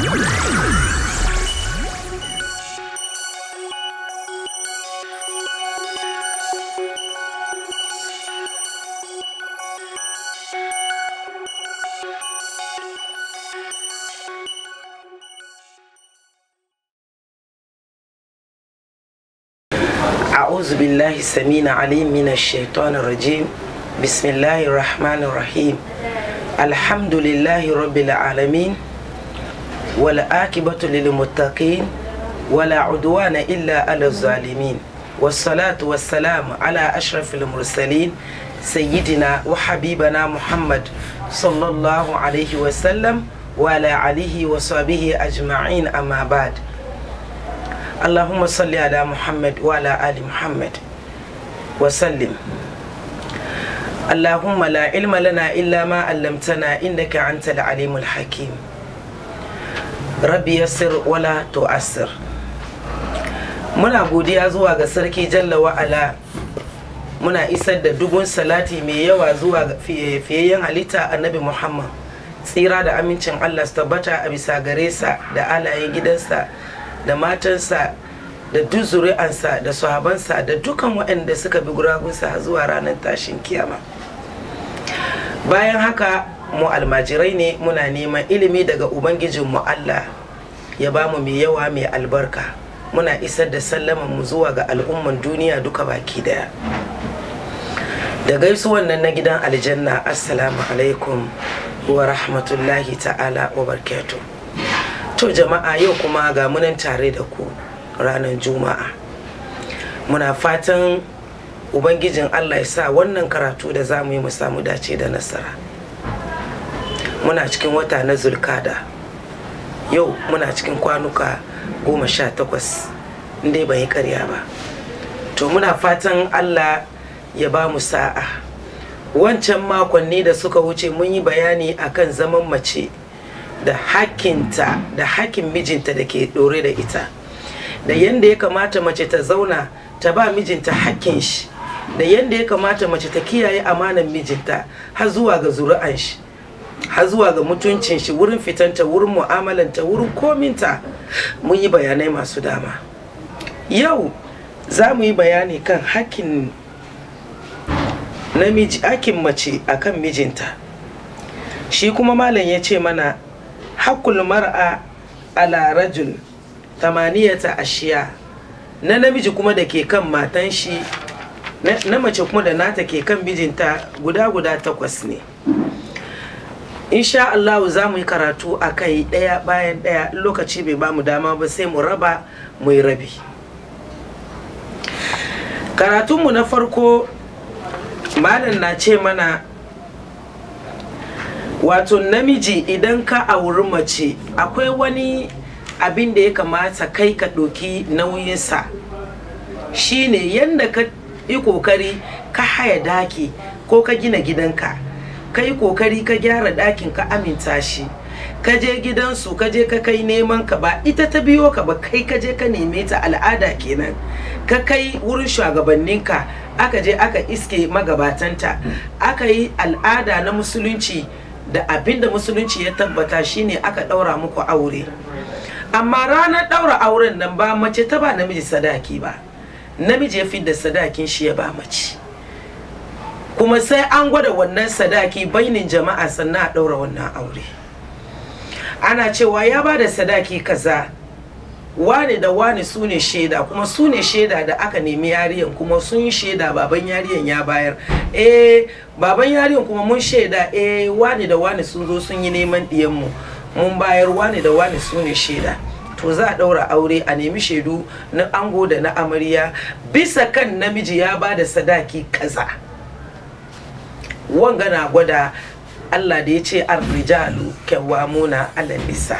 you أعوذ بالله السميع العليم من الشيطان الرجيم بسم الله الرحمن الرحيم الحمد لله رب العالمين والعاقبة للمتقين ولا عدوان إلا على الظالمين والصلاة والسلام على أشرف المرسلين سيدنا وحبيبنا محمد صلى الله عليه وسلم وعلى عليه وصحبه أجمعين أما بعد Allahumma salli ala Muhammad wa ala ali Muhammad wa sallim. Allahumma la ilma lana illa ma allamtana innaka antal alimul hakim. Rabbi yassir wala tu'assir. Muna godiya zuwa ga sarki jalla wa ala muna isar da dubun salati mai yawa zuwa fiyayyen halitta annabi Muhammad tsira da amincin Allah tabbata a bisa garesa da alayen gidansa da matansa da duk zuri'ansa da sahabansa da dukan waɗanda suka bi guragunsa zuwa ranar tashin kiyama bayan haka mu almajirai ne muna neman ilimi daga ubangijinmu allah ya ba mu mai yawa mai albarka muna isar da sallaman mu zuwa ga al'umman duniya duka baki daya da gaisuwan nan na gidan aljanna assalamu alaikum wa rahmatullahi ta'ala wa barkatu to jama'a yau kuma ga munan tare da ku ranar juma'a muna fatan ubangijin allah ya sa wannan karatu da za mu yi mu samu dace da nasara muna cikin wata na zulkada yau muna cikin kwanuka goma sha takwas inda ban yi karya ba to muna fatan allah ya ba mu sa'a wancan makonni da suka wuce mun yi bayani akan zaman mace da hakinta da hakin mijinta da ke ɗore da ita da yadda ya kamata mace ta zauna ta ba mijinta hakin shi da yadda ya kamata mace ta kiyaye amanan mijinta har zuwa ga zuri'an shi har zuwa ga mutuncin shi wurin fitanta wurin mu'amalanta wurin kominta mun yi bayanai masu dama yau za mu yi bayani kan hakin namiji hakin mace akan mijinta shi kuma malam ya ce mana hakul mar'a ala rajul tamaniyata ashiya na namiji kuma da ke kan matan shi na mace kuma da nata ke kan bijinta guda guda takwas ne insha Allah za mu yi karatu a kai ɗaya bayan ɗaya lokaci bai ba mu dama ba sai mu raba mu yi rabi karatunmu na farko malam na ce mana wato namiji idan ka auri mace akwai wani abin da ya kamata kai ka ɗoki nauyinsa shine yadda ka yi kokari ka haya daki ko ka gina gidanka ka yi kokari ka gyara dakin ka aminta shi ka je gidansu ka je ka kai neman ka ba ita ta biyo ka ba kai ka je ka neme ta al'ada kenan ka kai wurin shugabanninka aka je aka iske magabatanta aka yi al'ada na musulunci da abin da musulunci ya tabbata shine aka ɗaura muku aure amma ranar ɗaura auren nan ba mace ta ba namiji sadaki ba namiji ya da sadakin shi ya ba mace kuma sai an gwada wannan sadaki bainin jama'a sannan a ɗaura wannan aure ana cewa ya bada sadaki kaza wane da wane su ne shaida kuma sune ne shaida da aka nemi yariyan kuma sun yi shaida baban yariyan ya bayar eh baban yariyan kuma mun shaida eh wane da wane sun zo sun yi neman mu mun bayar wane da wane su ne shaida to za a ɗaura aure a nemi shaidu na ango da na amarya bisa kan namiji ya ba da sadaki kaza wanga na gwada allah da ya ce arrijalu kyawamuna ala nisa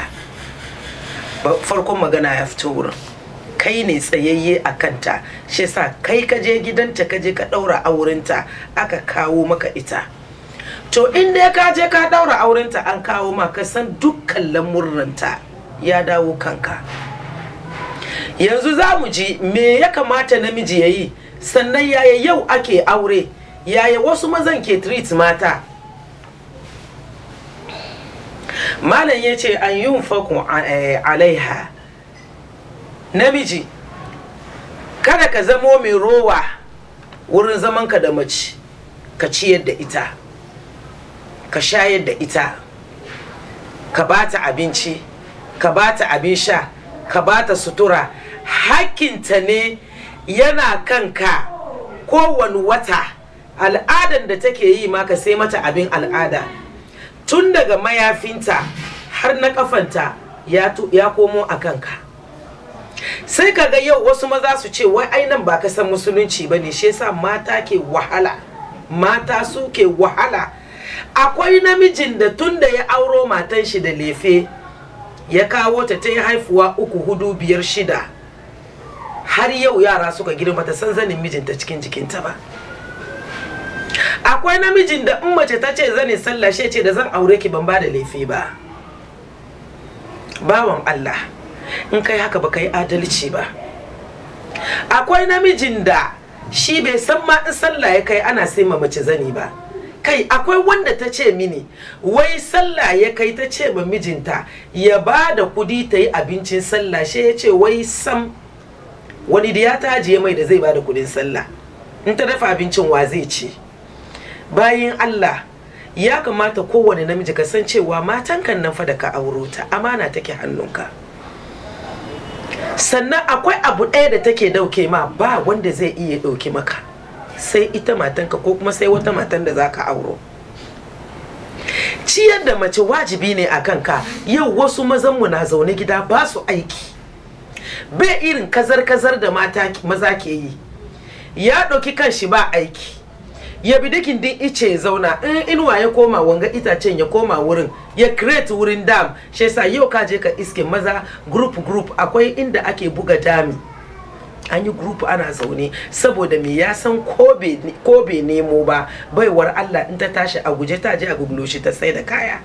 farkon magana ya fito wurin kai ne tsayayye a kanta shi sa kai ka je gidanta ka je ka ɗaura aurenta aka kawo maka ita to in dai ka je ka ɗaura aurenta an kawo maka san dukkan lamurranta ya dawo kanka yanzu za mu ji me ya kamata namiji ya yi sannan yaya yau ake aure yaya wasu mazan ke treat mata malam ya ce an yi faku eh, alaiha namiji kada ka zamo mai rowa wurin zamanka da mace ka ciyar da ita ka shayar da ita ka ba ta abinci ka ba ta abin sha ka ba ta sutura hakinta ne yana kanka kowane wata al'adar da take yi ma ka sai mata abin al'ada tun daga mayafinta har na kafanta ya komo a kanka sai kaga yau wasu maza su ce wai ainan ba ka san musulunci ba ne shi yasa mata ke wahala mata su ke wahala akwai namijin da tun da ya auro matan shi da lefe ya kawo ta ta yi haifuwa uku hudu biyar shida har yau yara suka girma ta san zanin mijinta cikin jikinta ba akwai namijin da in mace ta ce zane sallah shi ce da zan aure ki ban ba da laifi ba bawan Allah in kai haka ba kai adalci ba akwai namijin da shi bai san ma in sallah ya kai ana sai ma mace zani ba kai akwai wanda ta ce mini wai sallah ya kai ta ce ba mijinta ya ba da kudi ta yi abincin sallah shi ya ce wai sam wani da ya mai da zai ba da kudin sallah in ta dafa abincin wa zai ci bayin Allah ya kamata kowane namiji ka san cewa matan kan nan fa da ka auro ta amana take hannunka sannan akwai abu ɗaya da take dauke ma ba wanda zai iya dauke maka sai ita matanka ko kuma sai wata matan da za ka auro ciyar da mace wajibi ne a kanka yau wasu mazanmu na zaune gida ba su aiki bai irin kazar-kazar da mata maza ke yi ya ɗauki kan shi ba aiki ya bi dukin din ice ya zauna in eh, inuwa ya koma wanga itacen ya koma wurin ya create wurin dam shi yasa yau ka je ka iske maza group group akwai inda ake buga dami an yi group ana zaune saboda me ya san ko bai nemo ba baiwar Allah in ta tashi a guje ta je a guglo ta sai da kaya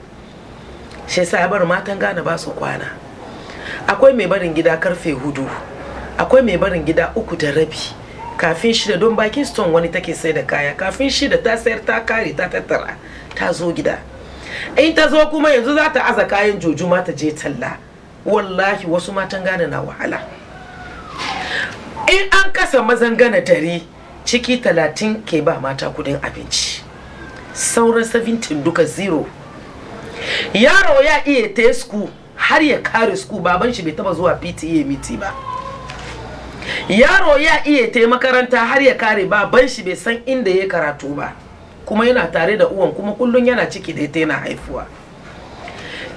shi yasa ya bar matan gane ba su kwana akwai mai barin gida karfe hudu akwai mai barin gida uku da rabi kafin shida don bakin stone wani take sai da kaya kafin shida ta sayar ta kare ta tattara ta zo gida in ta zo kuma yanzu za ta aza kayan ma ta je talla wallahi wasu matan gane na wahala in an kasa mazan gana dare ciki talatin ke ba mata kudin abinci sauran 17 duka zero yaro ya iya tesku har ya kare sku baban shi bai taba zuwa pta miti ba yaro ya iya ta makaranta har ya kare baban shi bai san inda ya karatu ba kuma yana tare da uwan kuma kullum yana ciki da yana haifuwa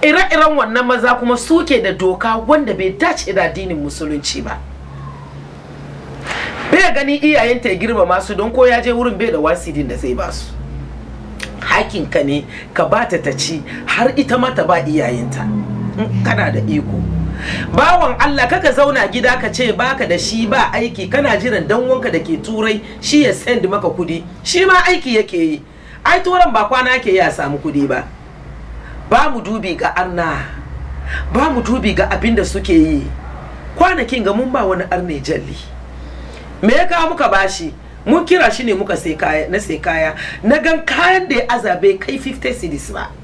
ire-iren wannan maza kuma suke da doka wanda bai dace da addinin musulunci ba bai gani iyayenta ya girma masu don ko ya je wurin bai da wasidin da zai basu ka ne ka bata ta ci har ita ma ta ba iyayenta kana da iko bawan Allah kaka zauna gida ka ce baka da shi ba aiki kana jiran dan wanka da ke turai shi ya send maka kudi shi ma aiki yake yi ai turan ba kwana ke ya samu kudi ba ba mu dubi ga anna ba mu dubi ga abin da suke yi kwanakin ga mun ba wani arne jalli me ya kawo muka bashi mun kira shi ne muka sai kaya na sai kaya na gan kayan da ya azabe kai 50 cedis ba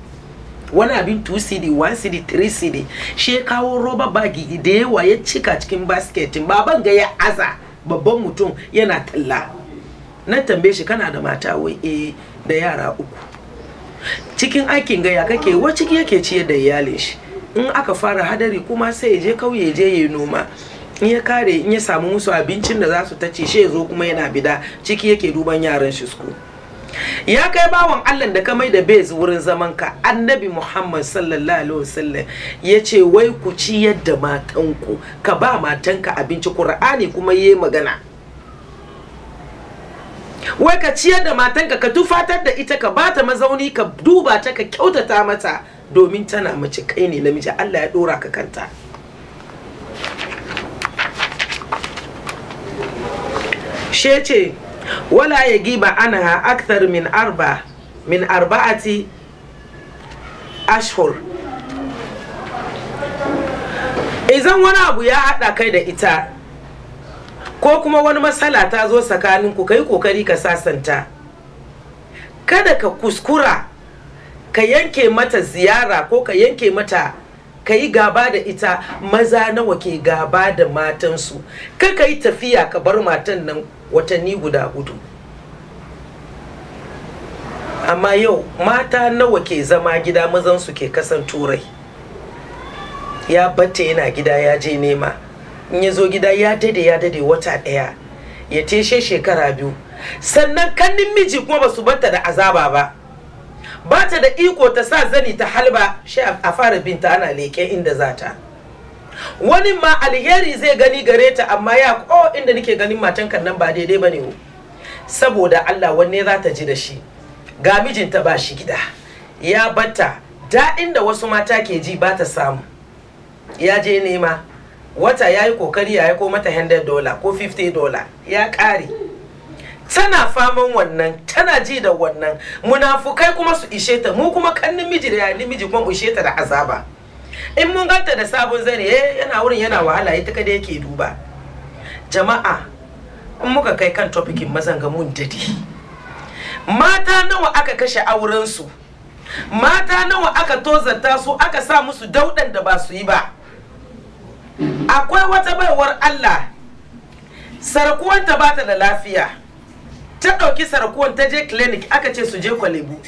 wani abin 2 cd 1 cd 3 cd shi ya kawo roba bagi da yawa ya cika cikin basketin baban ga ya aza babban mutum yana talla na tambaye shi kana da mata wai eh da yara uku cikin aikin gaya kake wacce yake ciyar da iyalin shi in aka fara hadari kuma sai ya je kauye je ya noma in ya kare in ya samu musu abincin da za su tace shi ya zo kuma yana bida ciki yake duban yaran shi school ya kai bawan Allah da ka mai da bez wurin zaman ka annabi Muhammad sallallahu alaihi wasallam ya ce wai ku ci yadda matanku ka ba matanka abinci Qur'ani kuma yayi magana wai ka ciyar da matanka ka tufatar da ita ka bata mazauni ka duba ta ka kyautata mata domin tana mace kai ne namiji Allah ya dora ka kanta she ce wala ya giba anha akthar min arba min arba'ati ashhur idan wani abu ya haɗa kai da ita ko kuma wani matsala ta zo tsakaninku ka yi ƙoƙari ka sasanta kada ka kuskura ka yanke mata ziyara ko ka yanke mata ka yi gaba da ita maza nawa ke gaba da matansu ka ka yi tafiya ka bar matan nan watanni guda hudu amma yau mata nawa ke zama gida mazansu ke kasan turai ya batta yana gida ya je nema in ya zo gida ya dade ya dade wata ɗaya ya teshe shekara biyu sannan kannin miji kuma ba su batta da azaba ba Bata da iko ta sa zani ta halba shi a fara binta ana leke inda za ta. wani ma alheri zai gani gare ta amma ya ko inda nake ganin matan kan nan ba daidai ba ne saboda Allah wanne za ta ji da shi ga mijinta ba shi gida ya batta daɗin da wasu mata ke ji ba ta samu ya je nema wata ya yi kokari ya ko mata 100 dola ko 50 dola ya ƙare tana faman wannan tana ji da wannan munafukai kuma su ishe ta mu kuma kannin miji da yayi miji kuma mu ishe ta da azaba in mun ganta da sabon zane eh yana wurin yana wahala ita kada yake duba jama'a in muka kai kan topikin mazan mun dadi mata nawa aka kashe auren su mata nawa aka tozarta su aka sa musu daudan da ba su yi ba akwai wata baiwar Allah sarkuwanta ba ta da lafiya ta ɗauki sarkuwan ta je clinic aka ce su je kwalebu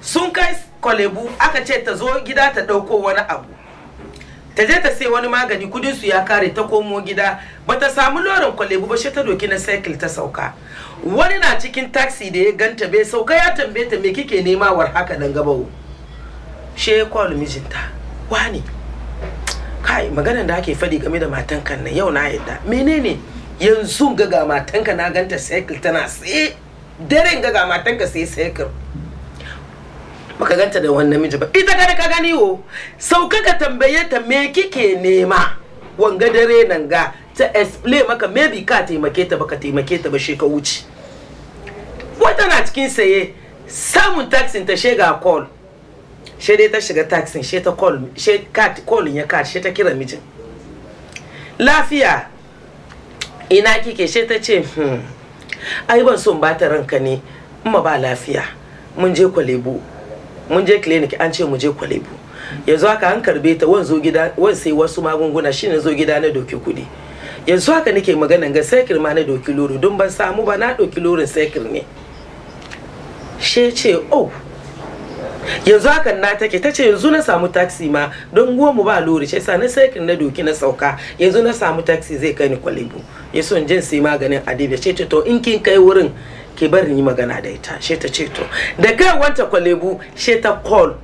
sun kai kwalebu aka ce ta zo gida ta ɗauko wani abu ta je ta sai wani magani kudin su ya kare ta komo gida bata samu lorin kwalebu ba ta doki na cycle ta sauka wani na cikin taxi da ya ganta bai sauka ya tambaye ta me kike nema war haka dan gabawo she call mijinta wani kai maganar da ake faɗi game da matan kan nan yau na yadda menene yanzu ga matan ka na ganta cycle tana sai daren ga matan ka sai cycle baka ganta da wani namiji ba ita kada ka gani wo sauka ka tambaye ta me kike nema wanga dare nan ga ta explain maka maybe ka taimake ta baka taimake ta ba she ka wuce wata na cikin saye samun taxin ta shega call she dai ta shiga taxin she ta call she ka call ya ka she ta kira mijin lafiya ina kike she ta ce hmm ai ban son bata ranka ne ma ba lafiya mun je kwalebo. mun je clinic an ce mu je kwalebu yanzu haka an karbe ta wan zo gida wan sai wasu magunguna shine zo gida na doki kudi yanzu haka nake magana ga sekir ma na doki loro don ban samu ba na doki lorin sekir ne she ce oh yanzu hakan na take ta ce yanzu na samu taxi ma don goma ba lori shi sa na sekir na doki na sauka yanzu na samu taxi zai kai ni kwalibu ya so jin sai maganin adibe ce to in kin kai wurin ki bar ni magana da ita she ta ce to da wanta kwalebu she ta call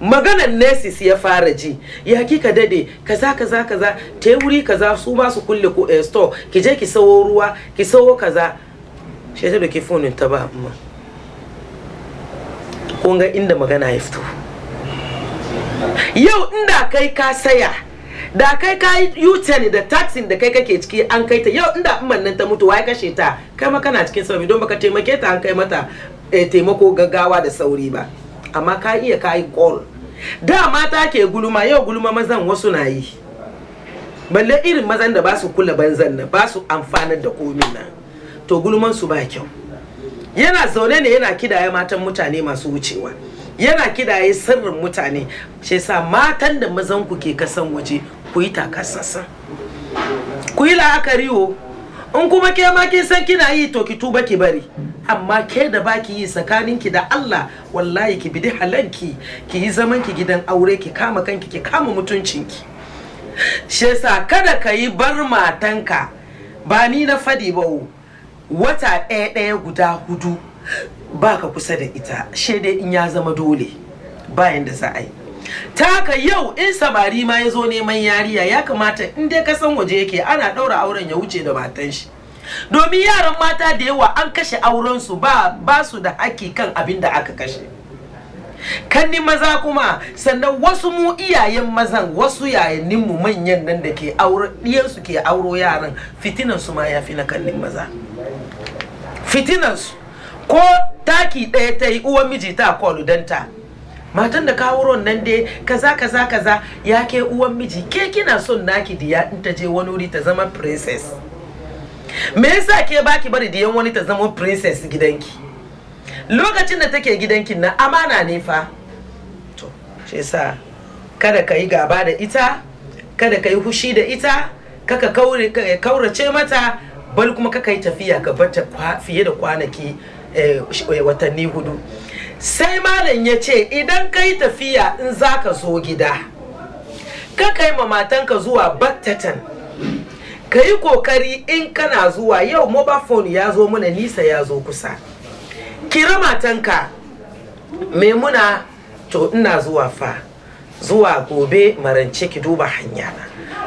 magana nesis ya fara ji ya hakika dade kaza kaza kaza ta wuri kaza su ma su kulle ko a eh, store ki je ki sawo ruwa ki sawo kaza she ta doke phone ta ba amma kun ga inda magana ya fito yau inda kai ka saya da kai ka yi da taxin da kai kake ciki an kai ta yau inda in nan ta mutu waye kashe ta kai ma kana cikin sauri don baka taimake ta an kai mata eh, taimako gaggawa da sauri ba amma ka iya ka yi gol da mata ke guluma yau guluma mazan wasu na yi balle irin mazan da ba su kula banzan na, ba su amfanar da komi na, to gulman su ba kyau yana zaune ne yana kidaye matan mutane masu wucewa yana kidaye sirrin mutane shi yasa matan da mazan ku ke kasan waje ku yi sassan ku yi la'akari wo in kuma ke ma kin san kina yi to ki tuba ki bari amma ke da baki yi tsakanin ki da Allah wallahi ki bidi halanki ki yi zaman ki gidan aure ki kama kanki ki kama mutuncin shi yasa kada ka yi bar matanka ba ni na fadi ba wata ɗaya ɗaya guda hudu baka kusa da ita shede in ya zama dole bayan da za a yi taka yau in samari ma ya zo neman yariya ya kamata in dai ka san waje yake ana ɗaura auren ya wuce da matan shi domin yaran mata da yawa an kashe aurensu ba ba su da haƙƙi kan abin da aka kashe kanni maza kuma sannan wasu mu iyayen mazan wasu mu manyan nan da ke auro su ke auro yaran fitinansu ma ya fi na kannin maza Fitinan su ko taki ɗaya ta yi uwan miji ta kwaludanta matan da kawo ron nan dai kaza kaza kaza ya ke uwan miji ke kina son naki diya in ta je wani wuri ta zama princess me yasa ke baki bari diyan wani ta zama princess gidanki lokacin da take gidankin na amana ne fa to shi yasa kada ka yi gaba da ita kada ka yi hushi da ita kaka eh, kaurace mata bal kuma kaka yi tafiya ka bata fiye da kwanaki eh, eh, watanni hudu sai malam ya ce idan ka yi tafiya in za ka zo gida ka kai ma matanka zuwa battatan ka yi kokari in kana zuwa yau mobile ya zo muna nisa ya zo kusa kira matanka maimuna to ina zuwa fa zuwa gobe marance ki duba hanya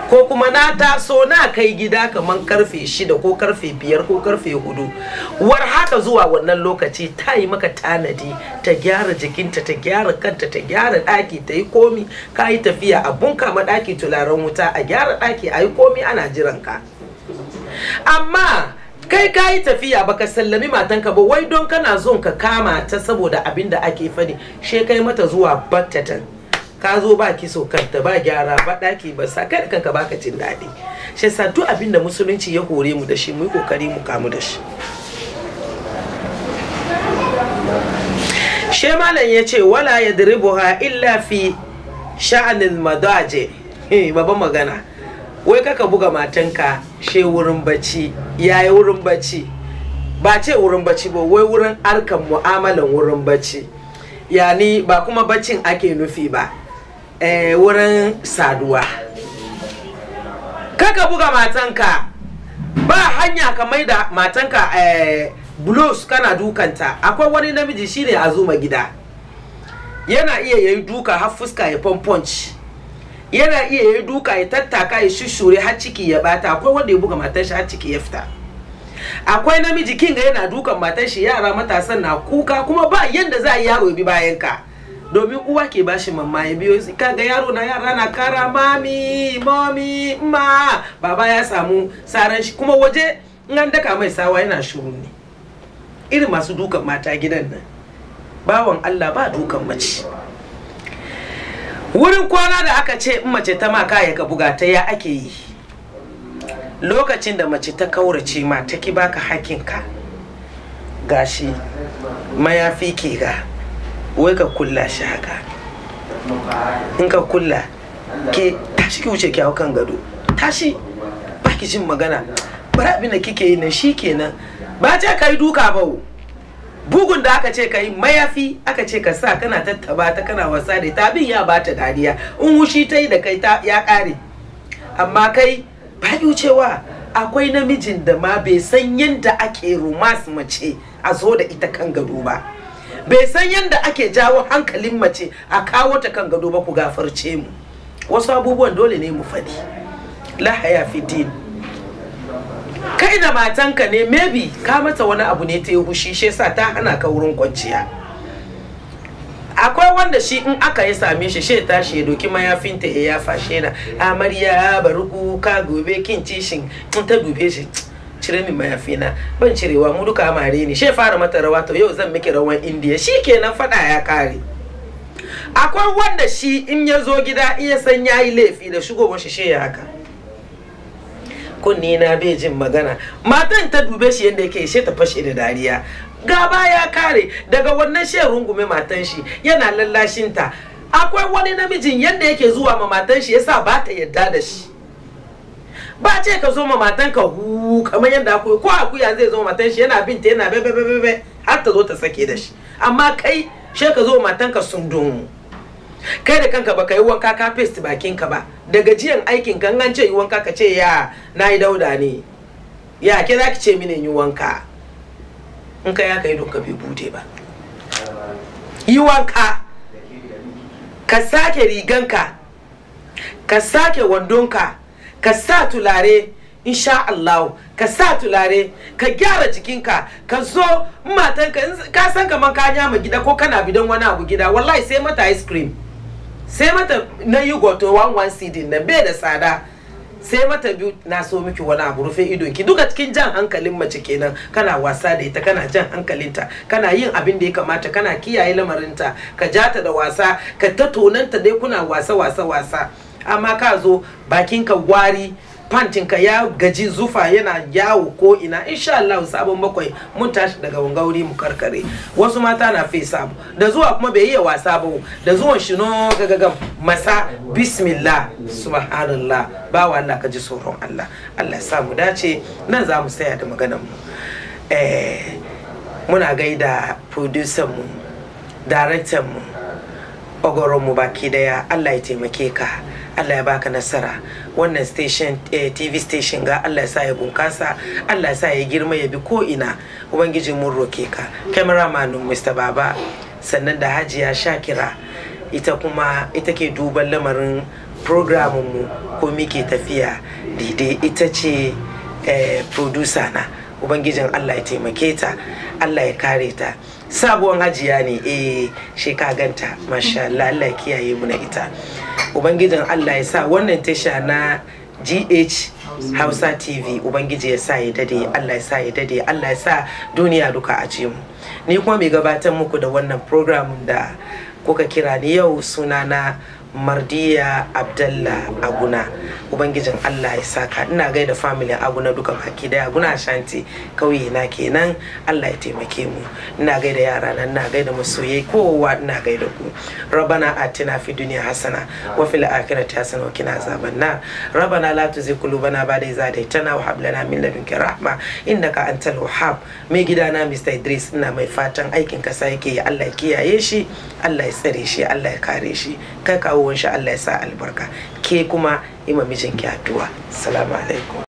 ko kuma na taso na kai gida kamar karfe shida ko karfe biyar ko karfe hudu war haka zuwa wannan lokaci ta yi maka tanadi ta gyara jikinta ta gyara kanta ta gyara ɗaki ta yi komi ka yi tafiya a bunka ma daki tularen wuta a gyara ɗaki a yi komi ana jiran ka amma kai ka yi tafiya baka sallami matanka ba wai don kana zon ka kama ta saboda abin da ake fadi she kai mata zuwa battatan ka zo ba so kanta ba gyara ba daki ba sa kai kanka baka jin daɗi shi yasa duk abin da musulunci ya hore mu da shi mu yi kokari mu kamu da shi she malam ya ce wala ya diribuha illa fi sha'anin madaje babban magana wai kaka buga matanka she wurin bacci yayi wurin bacci ba ce wurin bacci ba wai wurin arkan mu'amalan wurin bacci yani ba kuma baccin ake nufi ba eh, wurin saduwa kaka buga matanka ba hanya ka mai da matanka eh, blues kana dukanta akwai wani namiji shine a zuma gida yana iya yayi duka har fuska ya punch yana iya yayi duka ya tattaka ya shushure har ciki ya bata akwai wanda ya buga matar shi har ciki ya fita akwai namiji kinga yana dukan matar yara matasan na kuka kuma ba yanda za a yi yaro bi bayan ka domin uwa ke bashi mamma ya biyo kaga yaro na yara na kara mami mami ma baba ya samu saran shi kuma waje in an daka mai sawa yana shiru ne irin masu dukan mata gidan nan bawan Allah ba dukan mace wurin kwana da aka ce in mace ta maka ya ka buga ta ya ake yi lokacin da mace ta kaurace ma ta ki baka hakinka gashi mayafi ke ga wai ka kulla shi haka in ka kulla ke tashi ki wuce kyawu kan gado tashi ba ki jin magana bari abin da kike yi na shi kenan ba ce ka yi duka ba bugun da aka ce ka yi mayafi aka ce ka sa kana tattaba ta kana wasa da ta bin ya bata dariya in wushi ta yi da kai ta ya kare amma kai ba cewa akwai namijin da ma bai san yadda ake rumas mace a zo da ita kan gado ba bai san yadda ake jawo hankalin mace a kawo ta kan gado ba ku gafarce mu wasu abubuwan dole ne mu faɗi lahaya din. kai da matanka ne maybe ka mata wani abu ne ta yi hushi shi sa ta hana ka wurin kwanciya akwai wanda shi in aka yi same shi shi ta ya doki mayafinta ya yafa fashe na amarya bari kuka gobe kin cishin in ta gobe shi cire min mayafina ban cirewa mu duka amare ne she fara mata rawa to yau zan miki rawan indiya shi kenan fada ya kare akwai wanda shi in ya zo gida in ya san yayi laifi da shigo shi she ya haka kunni na bai jin magana matan ta dube shi yadda yake she ta fashe da dariya gaba ya kare daga wannan she rungume matan shi yana lallashinta akwai wani namijin yadda yake zuwa ma matan shi yasa ba ta yadda da shi ba ce ka zo ma matan ka hu kamar yadda akwai ko akuya zai zo matan shi yana binta yana bebe bebe bebe har ta zo ta sake da shi amma kai she ka zo matan ka sundun kai da kanka baka yi wanka ka paste bakin ka ba daga jiyan aikin kan an ce yi wanka ka ce ya na yi dauda ne ya ke za ki ce mini yi wanka in kai ya kai don ka bai bude ba yi wanka ka sake riganka ka sake wandonka ka sa tulare insha Allah ka sa tulare ka gyara jikinka ka zo matanka ka san kaman ka ma gida ko kana bidan wani abu gida wallahi sai mata ice cream sai mata na yi goto wan wan sidin na bai da tsada sai mata biyu na so miki wani abu rufe ido, ki duka cikin jan hankalin mace kenan kana wasa da ita kana jan hankalinta kana yin abin da ya kamata kana kiyaye lamarinta ka jata da wasa ka ta tonanta dai kuna wasa wasa wasa amma ka zo bakinka wari fantinka ya gaji zufa yana yawo ko ina insha Allah sabon bakwai mun tashi daga wangauri mu karkare wasu mata na fe up da zuwa kuma bai iya wasa ba da zuwan shi no gagagam masa bismillah subhanallah ba wa Allah ka ji tsoron Allah Allah sa mu dace nan za mu saya da maganar mu eh muna gaida producer mu director mu ogoro mu baki daya Allah ya taimake ka Allah ya baka nasara wannan station eh, TV station ga Allah ya sa ya bunkasa Allah ya sa ya girma ya bi ko ina ubangiji mun roke ka cameraman Mr Baba sannan da Hajiya Shakira ita kuma ita ke duban lamarin programin mu ko muke tafiya daidai ita ce eh, producer na ubangijin allah ya taimake ta allah ya kare ta sabuwan hajiya ne eh Sheka ka ganta masha allah allah ya kiyaye mu na ita ubangijin allah ya sa wannan tasha na gh hausa tv ubangiji ya sa ya dade allah ya sa ya dade allah ya sa duniya duka a mu ni kuma mai gabatar muku da wannan program da kuka kira ni yau sunana mardiya abdalla aguna ubangijin allah ya saka ina gaida familin aguna duka baki daya aguna shanti kauye na kenan allah ya taimake mu ina gaida yara na ina gaida masoyai kowa ina gaida ku rabana atina fi duniya hasana wa fil akhirati hasana wa qina azaban nar rabana la tuzigh qulubana ba'da idh hadaytana wa hab lana min ladunka rahma innaka antal wahhab mai gidana mr idris ina mai fatan aikin kasa yake allah ya kiyaye shi allah ya tsare shi allah ya kare shi kai kawo kowon shi Allah ya sa albarka ke kuma yi ma mijinki addu'a salamu alaikum